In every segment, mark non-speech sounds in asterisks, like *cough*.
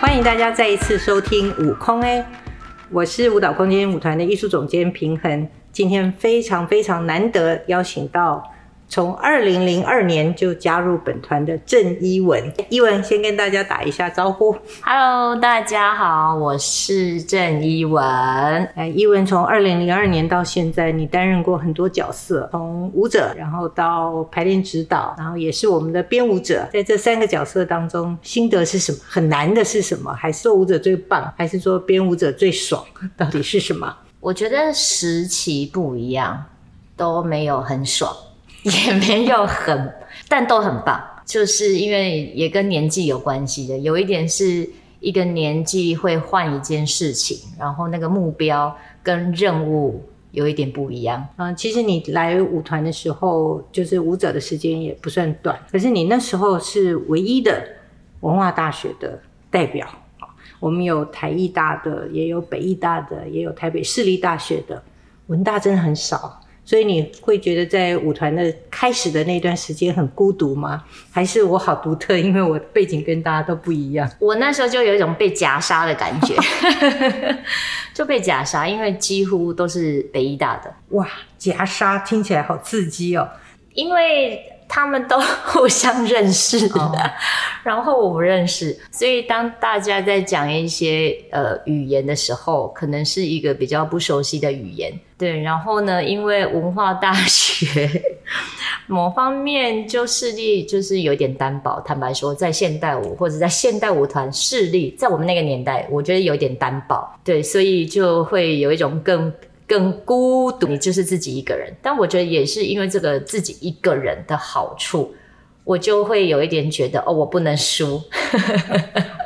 歡迎大家再一次收聽《舞空》欸我是舞蹈空間舞團的藝術總監平珩，今天非常非常難得邀請到，從二零零二年就加入本團的鄭伊雯，伊雯先跟大家打一下招呼。Hello，大家好，我是鄭伊雯。哎，伊雯從二零零二年到現在，你擔任過很多角色，從舞者，然後到排練指導，然後也是我們的編舞者。在這三個角色當中，心得是什麼？很難的是什麼？還是說舞者最棒？還是說編舞者最爽？到底是什麼？我覺得時期不一樣，都沒有很爽。也沒有很， *laughs* 但都很棒，就是因為也跟年紀有關係的，有一點是一個年紀會換一件事情，然後那個目標跟任務有一點不一樣。嗯，其實你來舞團的時候，就是舞者的時間也不算短，可是你那時候是唯一的文化大學的代表，我們有台藝大的，也有北藝大的，也有台北市立大學的，文大真的很少。所以你會覺得在舞團的開始的那段時間很孤獨嗎？還是我好獨特，因為我背景跟大家都不一樣？我那時候就有一種被夾殺的感覺， *laughs* *laughs* 就被夾殺，因為幾乎都是北藝大的。哇，夾殺聽起來好刺激哦！因為。他們都互相認識的，哦、然後我不認識，所以當大家在講一些呃語言的時候，可能是一個比較不熟悉的語言。對，然後呢，因為文化大學某方面就實力就是有點單薄，坦白說，在現代舞或者在現代舞團實力，在我們那個年代，我覺得有點單薄。對，所以就會有一種更。更孤獨，你就是自己一個人。但我覺得也是因為這個自己一個人的好處，我就會有一點覺得哦，我不能輸， *laughs*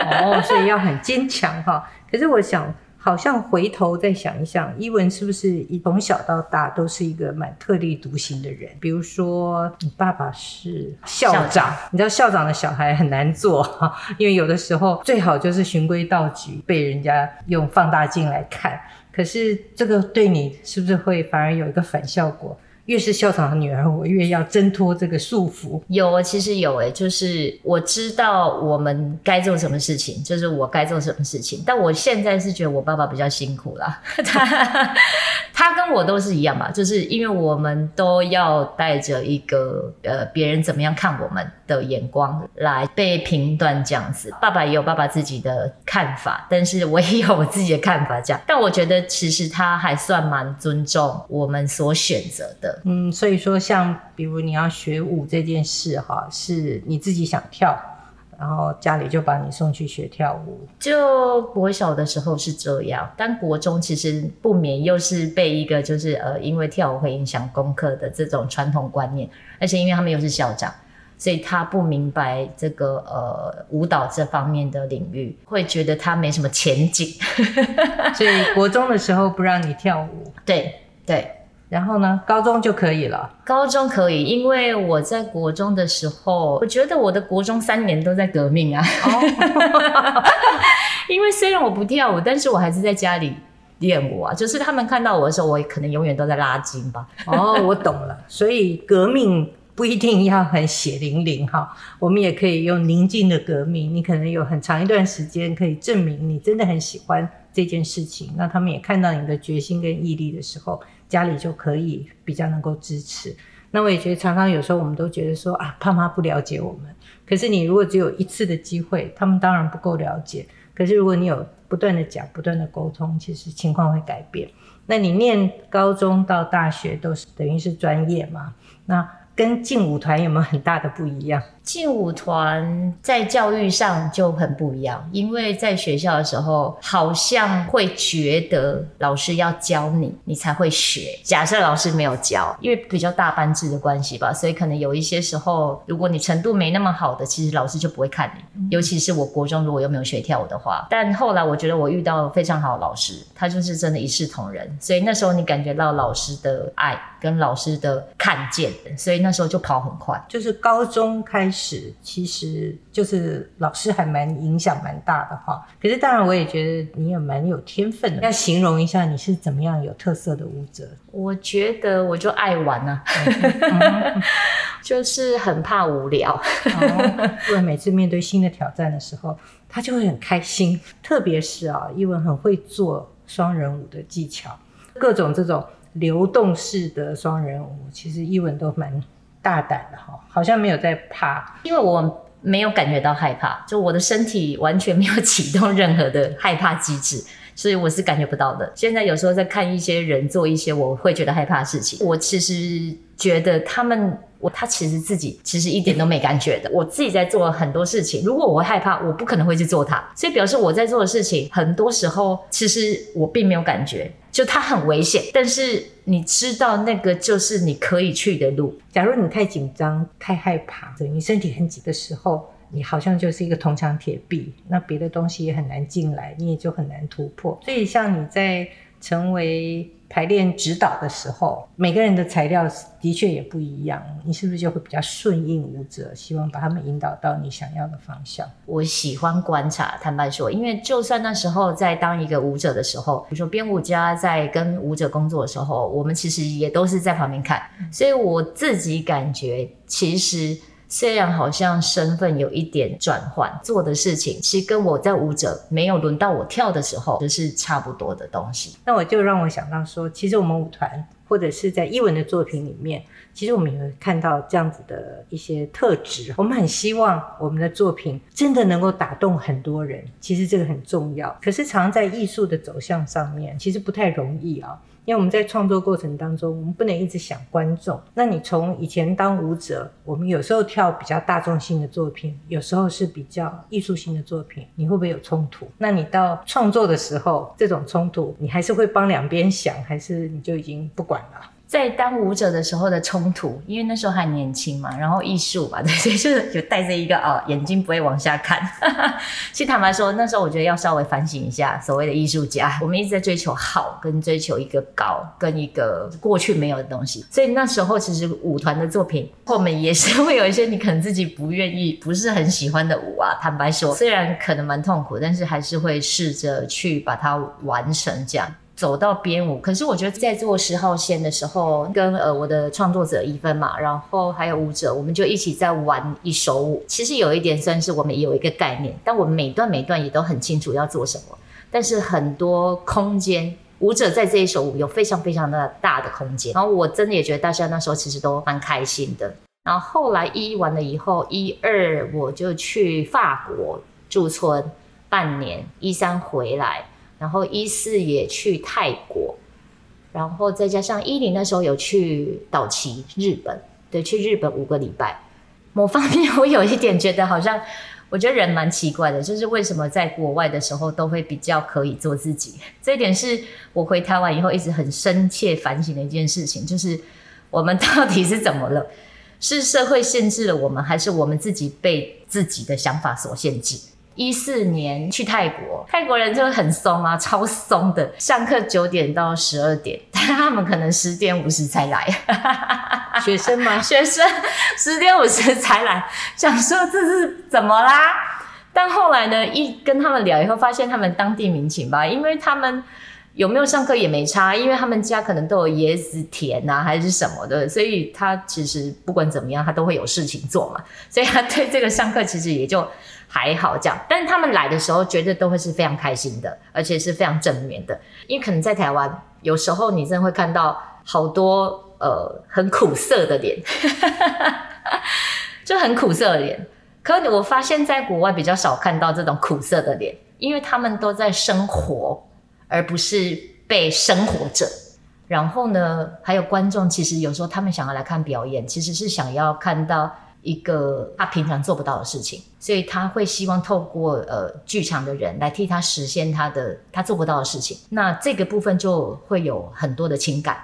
哦，所以要很堅強哈。可是我想，好像回頭再想一想，伊雯是不是從小到大都是一個蠻特立獨行的人？比如說，你爸爸是校長，校長你知道校長的小孩很難做哈，因為有的時候最好就是循規蹈矩，被人家用放大鏡來看。可是這個對你是不是會反而有一個反效果？越是校長的女兒，我越要掙脫這個束縛。有，其實有誒、欸，就是我知道我們該做什麼事情，就是我該做什麼事情。但我現在是覺得我爸爸比較辛苦啦， *laughs* 他，他跟我都是一樣吧，就是因為我們都要帶着一個，呃，別人怎麼樣看我們。的眼光來被評斷這樣子，爸爸也有爸爸自己的看法，但是我也有我自己的看法。這樣，但我覺得其實他還算蠻尊重我們所選擇的。嗯，所以說，像比如你要學舞這件事，哈，是你自己想跳，然後家裡就把你送去學跳舞。就國小的時候是這樣，但國中其實不免又是被一個就是呃，因為跳舞會影響功課的這種傳統觀念，而且因為他們又是校長。所以他不明白這個呃舞蹈這方面的領域，會覺得他沒什麼前景， *laughs* 所以國中的時候不讓你跳舞。對對，然後呢？高中就可以了。高中可以，因為我在國中的時候，我覺得我的國中三年都在革命啊， *laughs* *laughs* 因為雖然我不跳舞，但是我還是在家裡練舞啊。就是他們看到我的時候，我可能永遠都在拉筋吧。哦， *laughs* oh, 我懂了，所以革命。不一定要很血淋淋哈，我們也可以用寧靜的革命。你可能有很長一段時間可以證明你真的很喜歡這件事情，那他們也看到你的決心跟毅力的時候，家裡就可以比較能夠支持。那我也覺得常常有時候我們都覺得說啊，爸媽不了解我們。可是你如果只有一次的機會，他們當然不夠了解。可是如果你有不斷的講、不斷的溝通，其實情況會改變。那你念高中到大學都是等於是專業嘛？那跟勁舞團有沒有很大的不一樣？進舞團在教育上就很不一樣，因為在學校的時候，好像會覺得老師要教你，你才會學。假設老師沒有教，因為比較大班制的關係吧，所以可能有一些時候，如果你程度沒那麼好的，其實老師就不會看你。尤其是我國中，如果又沒有學跳舞的話，但後來我覺得我遇到了非常好的老師，他就是真的一視同仁，所以那時候你感覺到老師的愛跟老師的看見，所以那時候就跑很快。就是高中開。始，其實就是老師還蠻影響蠻大的哈。可是當然，我也覺得你也蠻有天分的。要形容一下你是怎麼樣有特色的舞者？我覺得我就愛玩啊， *laughs* *laughs* 就是很怕無聊、 *laughs* 哦。因為每次面對新的挑戰的時候，他就會很開心。特別是啊、哦，伊雯很會做雙人舞的技巧，各種這種流動式的雙人舞，其實伊雯都蠻大膽的哈，好像沒有在怕。因為我沒有感覺到害怕，就我的身體完全沒有啟動任何的害怕機制，所以我是感覺不到的。現在有時候在看一些人做一些我會覺得害怕的事情，我其實覺得他們，我他其實自己其實一點都沒感覺的。我自己在做很多事情，如果我害怕，我不可能會去做它。所以表示我在做的事情，很多時候其實我並沒有感覺。就它很危險，但是你知道那個就是你可以去的路。假如，你太緊張、太害怕，你身體很緊的時候，你好像就是一個銅牆鐵壁，那別的東西也很難進來，你也就很難突破。所以，像你在成為排練指導的時候，每個人的材料的確也不一樣，你是不是就會比較順應舞者，希望把他們引導到你想要的方向？我喜歡觀察、坦白說，因為就算那時候在當一個舞者的時候，比如說編舞家在跟舞者工作的時候，我們其實也都是在旁邊看，所以我自己感覺其實。雖然好像身份有一點轉換，做的事情其實跟我在舞者沒有輪到我跳的時候，這、就是差不多的東西。那我就讓我想到說，其實我們舞團或者是在伊雯的作品裡面，其實我們有看到這樣子的一些特質。我們很希望我們的作品真的能夠打動很多人，其實這個很重要。可是常在藝術的走向上面，其實不太容易啊。因為我們在創作過程當中，我們不能一直想觀眾。那你從以前當舞者，我們有時候跳比較大眾性的作品，有時候是比較藝術性的作品，你會不會有衝突？那你到創作的時候，這種衝突，你還是會幫兩邊想，還是你就已經不管了？在當舞者的時候的衝突，因為那時候還年輕嘛，然後藝術嘛，對，所以就是有帶着一個啊、哦、眼睛不會往下看。哈 *laughs* 其實坦白說，那時候我覺得要稍微反省一下所謂的藝術家，我們一直在追求好跟追求一個高跟一個過去沒有的東西。所以那時候其實舞團的作品後面也是會有一些你可能自己不願意、不是很喜歡的舞啊。坦白說，雖然可能蠻痛苦，但是還是會試着去把它完成這樣。走到編舞，可是我覺得在做十號線的時候，跟呃我的創作者一分嘛，然後還有舞者，我們就一起在玩一首舞。其實有一點算是我們有一個概念，但我每段每段也都很清楚要做什麼。但是很多空間，舞者在這一首舞有非常非常的大的空間。然後我真的也覺得大家那時候其實都蠻開心的。然後後來一,一完了以後，一二我就去法國駐村半年，一三回來。然後一四也去泰國，然後再加上一零那時候有去島崎日本，對，去日本五個禮拜。某方面我有一點覺得好像，我覺得人蠻奇怪的，就是為什麼在國外的時候都會比較可以做自己。這一點是我回台灣以後一直很深切反省的一件事情，就是我們到底是怎麼了？是社會限制了我們，還是我們自己被自己的想法所限制？一四年去泰國，泰國人就很鬆啊，超鬆的。上課九點到十二點，但他們可能十點五十才來。 *laughs* 學生嗎？學生，十點五十才來，想說這是怎麼啦？但後來呢，一跟他們聊以後，發現他們當地民情吧，因為他們。有沒有上課也沒差，因為他們家可能都有椰子田吶、啊，還是什麼的，所以他其實不管怎麼樣，他都會有事情做嘛，所以他對這個上課其實也就還好這樣。但是他們來的時候，絕對都會是非常開心的，而且是非常正面的，因為可能在台灣，有時候你真的會看到好多呃很苦澀的臉， *laughs* 就很苦澀的臉。可我發現，在國外比較少看到這種苦澀的臉，因為他們都在生活。而不是被生活着，然後呢，還有觀眾，其實有時候他們想要來看表演，其實是想要看到一個他平常做不到的事情，所以他會希望透過呃劇場的人來替他實現他的他做不到的事情。那這個部分就會有很多的情感，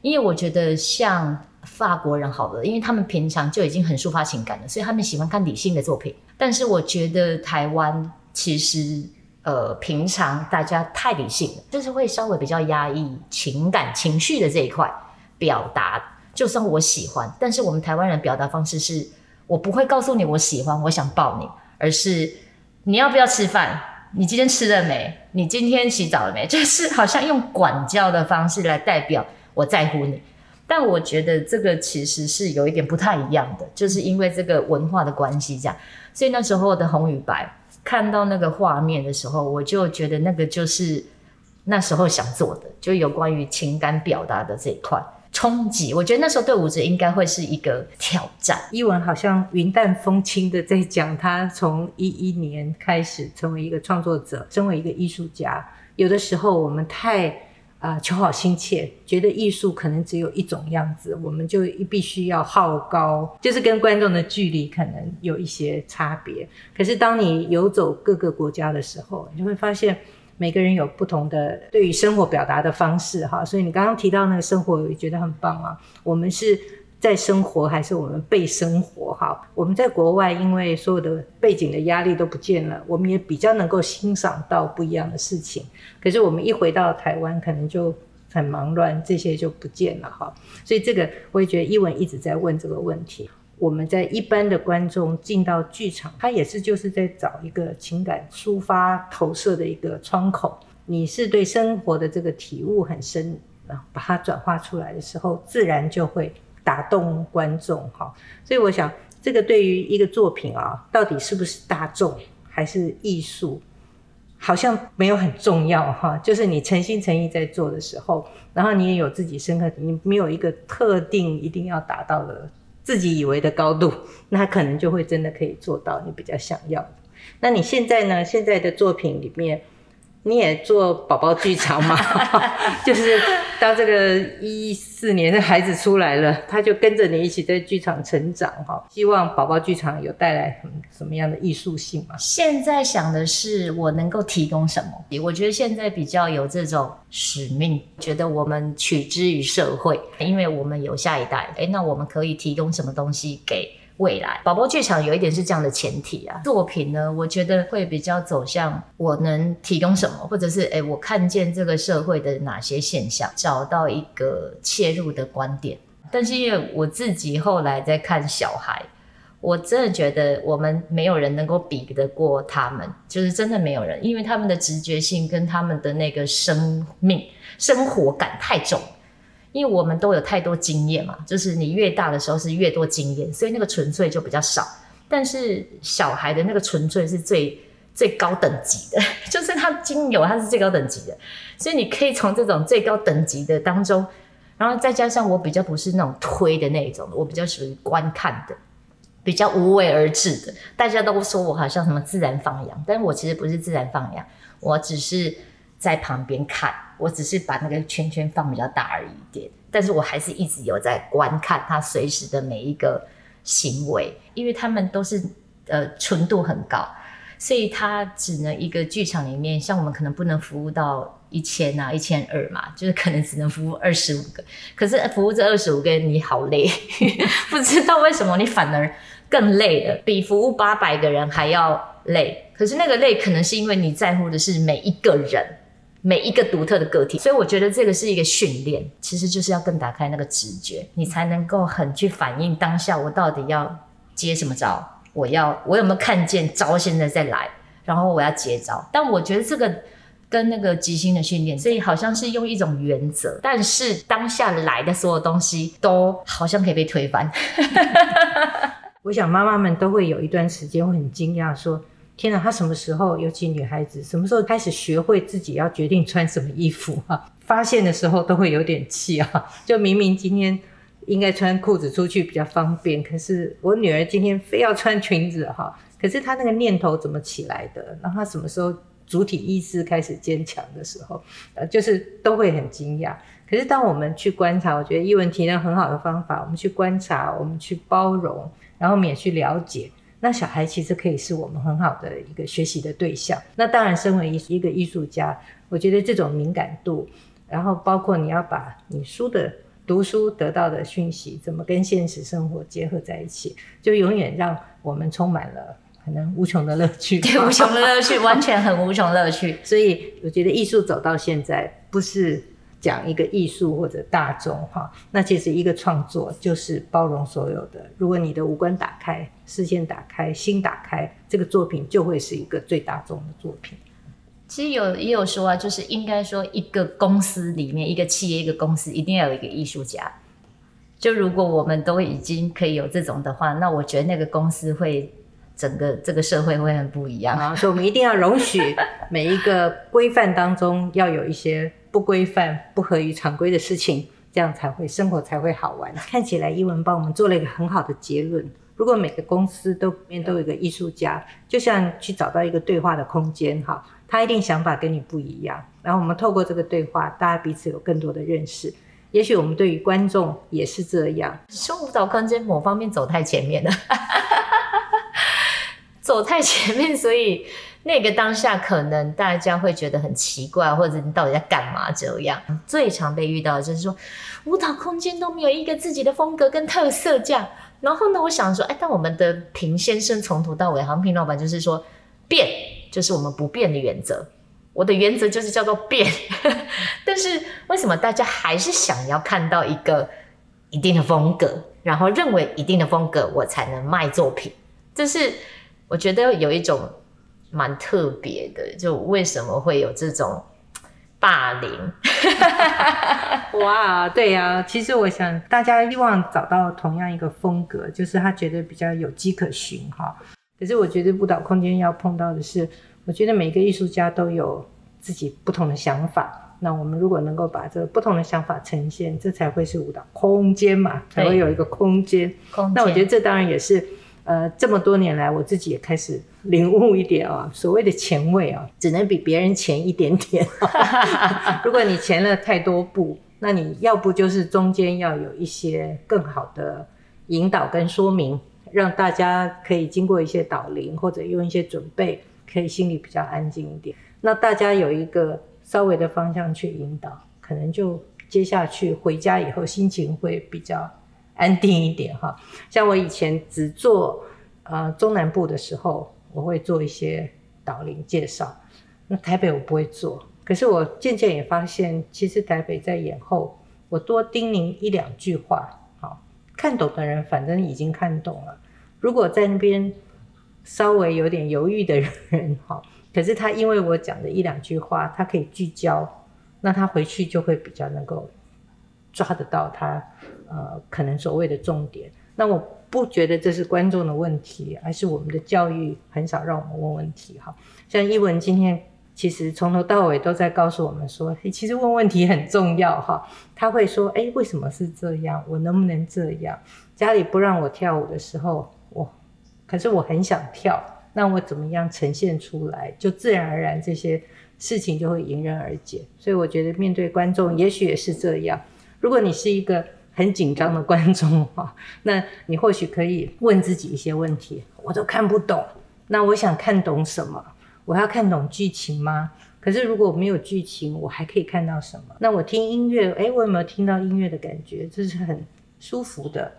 因為我覺得像法國人好了，因為他們平常就已經很抒發情感了，所以他們喜歡看理性的作品。但是我覺得台灣其實。呃，平常大家太理性了，就是會稍微比較壓抑情感情緒的這一塊表達。就算我喜歡，但是我們台灣人表達方式是我不會告訴你我喜歡，我想抱你，而是你要不要吃飯？你今天吃了沒？你今天洗澡了沒？就是好像用管教的方式來代表我在乎你。但我覺得這個其實是有一點不太一樣的，就是因為這個文化的關係這樣。所以那時候的紅與白。看到那個畫面的時候，我就覺得那個就是那時候想做的，就有關於情感表達的這一塊衝擊。我覺得那時候對舞者應該會是一個挑戰。伊雯好像雲淡風輕的在講，他從一一年開始成為一個創作者，成為一個藝術家。有的時候我們太。啊、呃，求好心切，覺得藝術可能只有一種樣子，我們就必須要好高，就是跟觀眾的距離可能有一些差別。可是當你游走各個國家的時候，你就會發現每個人有不同的對於生活表達的方式，哈。所以你剛剛提到那個生活，我覺得很棒啊。我們是。在生活還是我們被生活哈？我們在國外，因為所有的背景的壓力都不見了，我們也比較能夠欣賞到不一樣的事情。可是我們一回到台灣，可能就很忙亂，這些就不見了哈。所以這個我也覺得，伊雯一直在問這個問題。我們在一般的觀眾進到劇場，他也是就是在找一個情感抒發、投射的一個窗口。你是對生活的這個體悟很深，然後把它轉化出來的時候，自然就會。打動觀眾哈，所以我想，這個對於一個作品啊，到底是不是大眾還是藝術，好像沒有很重要哈，啊。就是你誠心誠意在做的時候，然後你也有自己深刻，你沒有一個特定一定要達到的自己以為的高度，那可能就會真的可以做到你比較想要。那你現在呢？現在的作品裡面。你也做寶寶劇場嘛？ *laughs* 就是當這個一四年的孩子出來了，他就跟着你一起在劇場成長哈。希望寶寶劇場有帶來什麼樣的藝術性嗎？現在想的是我能夠提供什麼？我覺得現在比較有這種使命，覺得我們取之於社會，因為我們有下一代，欸，那我們可以提供什麼東西給？未來寶寶劇場有一點是這樣的前提啊，作品呢，我覺得會比較走向我能提供什麼，或者是誒，我看見這個社會的哪些現象，找到一個切入的觀點。但是因為我自己後來在看小孩，我真的覺得我們沒有人能夠比得過他們，就是真的沒有人，因為他們的直覺性跟他們的那個生命生活感太重。因為我們都有太多經驗嘛，就是你越大的時候是越多經驗，所以那個純粹就比較少。但是小孩的那個純粹是最最高等級的，就是他經由他是最高等級的，所以你可以從這種最高等級的當中，然後再加上我比較不是那種推的那一種，我比較屬於觀看的，比較無為而治的。大家都說我好像什麼自然放養，但是我其實不是自然放養，我只是在旁邊看。我只是把那個圈圈放比較大而已一點，但是我還是一直有在觀看他隨時的每一個行為，因為他們都是呃純度很高，所以他只能一個劇場裡面，像我們可能不能服務到一千啊一千二嘛，就是可能只能服務二十五個，可是服務這二十五個人你好累， *laughs* 不知道為什麼你反而更累了，比服務八百個人還要累，可是那個累可能是因為你在乎的是每一個人。每一個獨特的個體，所以我覺得這個是一個訓練，其實就是要更打開那個直覺，你才能夠很去反映當下我到底要接什麼招，我要我有沒有看見招現在再來，然後我要接招。但我覺得這個跟那個即興的訓練，所以好像是用一種原則，但是當下來的所有東西都好像可以被推翻。 *laughs* *laughs* 我想媽媽們都會有一段時間會很驚訝說。天哪、啊，她什麼時候，尤其女孩子，什麼時候開始學會自己要決定穿什麼衣服哈、啊，發現的時候都會有點氣哈、啊，就明明今天應該穿褲子出去比較方便，可是我女兒今天非要穿裙子哈、啊。可是她那個念頭怎麼起來的？然後她什麼時候主體意識開始堅強的時候？呃、啊，就是都會很驚訝。可是當我們去觀察，我覺得伊雯提到很好的方法。我們去觀察，我們去包容，然後我們也去了解。那小孩其實可以是我們很好的一個學習的對象。那當然，身為一一個藝術家，我覺得這種敏感度，然後包括你要把你書的讀書得到的訊息，怎麼跟現實生活結合在一起，就永遠讓我們充滿了可能無窮的樂趣。對，無窮的樂趣，完全很無窮樂趣。 *laughs* 所以我覺得藝術走到現在不是。講一個藝術或者大眾哈，那其實一個創作就是包容所有的。如果你的五官打開，視線打開，心打開，這個作品就會是一個最大眾的作品。其實有也有說啊，就是應該說一個公司裡面，一個企業，一個公司一定要有一個藝術家。就如果我們都已經可以有這種的話，那我覺得那個公司會整個這個社會會很不一樣啊。所以 *laughs* 我們一定要容許每一個規範當中要有一些。不規範、不合於常規的事情，這樣才會生活才會好玩。看起來伊雯幫我們做了一個很好的結論。如果每個公司都面都有一個藝術家，就像去找到一個對話的空間，哈，他一定想法跟你不一樣。然後我們透過這個對話，大家彼此有更多的認識。也許我們對於觀眾也是這樣。舞蹈空間某方面走太前面了， *laughs* 走太前面，所以。那個當下，可能大家會覺得很奇怪，或者你到底在幹嘛這樣。最常被遇到的就是說，舞蹈空間都沒有一個自己的風格跟特色，這樣。然後呢，我想說，哎，但我們的平先生從頭到尾，平珩老板就是說變，就是我們不變的原則。我的原則就是叫做變。 *laughs* 但是為什麼大家還是想要看到一個一定的風格，然後認為一定的風格我才能賣作品？這是我覺得有一種。蠻特別的，就為什麼會有這種霸凌？哇， *laughs* wow, 對呀、啊，其實我想大家希望找到同樣一個風格，就是他覺得比較有跡可循哈。可是我覺得舞蹈空間要碰到的是，我覺得每個藝術家都有自己不同的想法。那我們如果能夠把這個不同的想法呈現，這才會是舞蹈空間嘛，對才會有一個空間。空間那我覺得這當然也是。呃，這麼多年來，我自己也開始領悟一點啊。所謂的前衛啊，只能比別人前一點點。 *laughs* *laughs* 如果你前了太多步，那你要不就是中間要有一些更好的引導跟說明，讓大家可以經過一些導聆，或者用一些準備，可以心裡比較安靜一點。那大家有一個稍微的方向去引導，可能就接下去回家以後心情會比較。安定一點哈，像我以前只做呃中南部的時候，我會做一些導聆介紹。那台北我不會做，可是我漸漸也發現，其實台北在演後，我多叮嚀一兩句話，看懂的人反正已經看懂了。如果在那邊稍微有點猶豫的人哈，可是他因為我講的一兩句話，他可以聚焦，那他回去就會比較能夠抓得到他。呃，可能所謂的重點，那我不覺得這是觀眾的問題，而是我們的教育很少讓我們問問題。哈，像伊雯今天其實從頭到尾都在告訴我們說、欸，其實問問題很重要。哈，他會說，誒、欸，為什麼是這樣？我能不能這樣？家裡不讓我跳舞的時候，我可是我很想跳，那我怎麼樣呈現出來，就自然而然這些事情就會迎刃而解。所以我覺得面對觀眾，也許也是這樣。如果你是一個。很緊張的觀眾哈，那你或許可以問自己一些問題。我都看不懂，那我想看懂什麼？我要看懂劇情嗎？可是如果沒有劇情，我還可以看到什麼？那我聽音樂，哎、欸，我有沒有聽到音樂的感覺？這是很舒服的。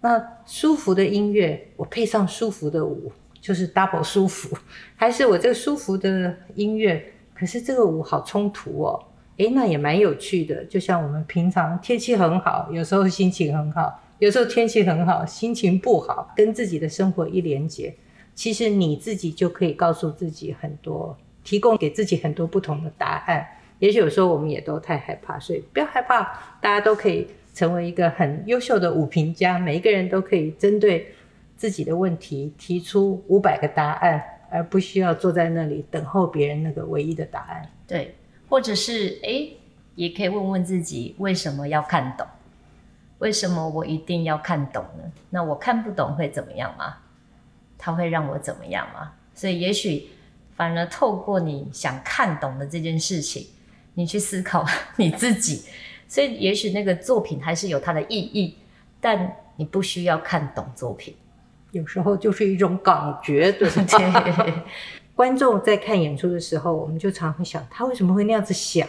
那舒服的音樂，我配上舒服的舞，就是 double 舒服。還是我這個舒服的音樂，可是這個舞好衝突哦、喔。誒，那也蠻有趣的。就像我們平常天氣很好，有時候心情很好，有時候天氣很好，心情不好。跟自己的生活一連接，其實你自己就可以告訴自己很多，提供給自己很多不同的答案。也許有時候我們也都太害怕，所以不要害怕，大家都可以成為一個很優秀的舞評家。每一個人都可以針對自己的問題提出五百個答案，而不需要坐在那裡等候別人那個唯一的答案。對。或者是誒，也可以問問自己為什麼要看懂？為什麼我一定要看懂呢？那我看不懂會怎麼樣嗎？他會讓我怎麼樣嗎？所以也許反而透過你想看懂的這件事情，你去思考你自己。所以也許那個作品還是有它的意義，但你不需要看懂作品，有時候就是一種感覺，對不 *laughs* 對？觀眾在看演出的時候，我們就常會想他為什麼會那樣子想，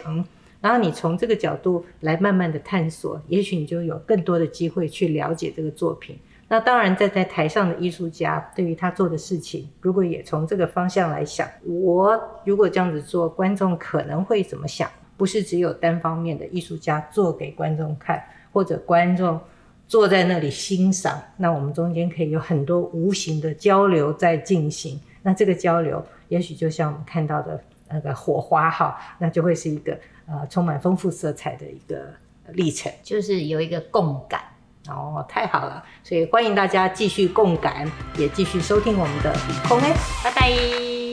然後你從這個角度來慢慢地探索，也許你就有更多的機會去了解這個作品。那當然，在台，台上的藝術家對於他做的事情，如果也從這個方向來想，我如果這樣子做，觀眾可能會怎麼想？不是只有單方面的藝術家做給觀眾看，或者觀眾坐在那裡欣賞，那我們中間可以有很多無形的交流在進行。那這個交流，也許就像我們看到的那個火花哈，那就會是一個呃充滿豐富色彩的一個歷程，就是有一個共感哦，太好了，所以歡迎大家繼續共感，也繼續收聽我們的《舞空》拜拜。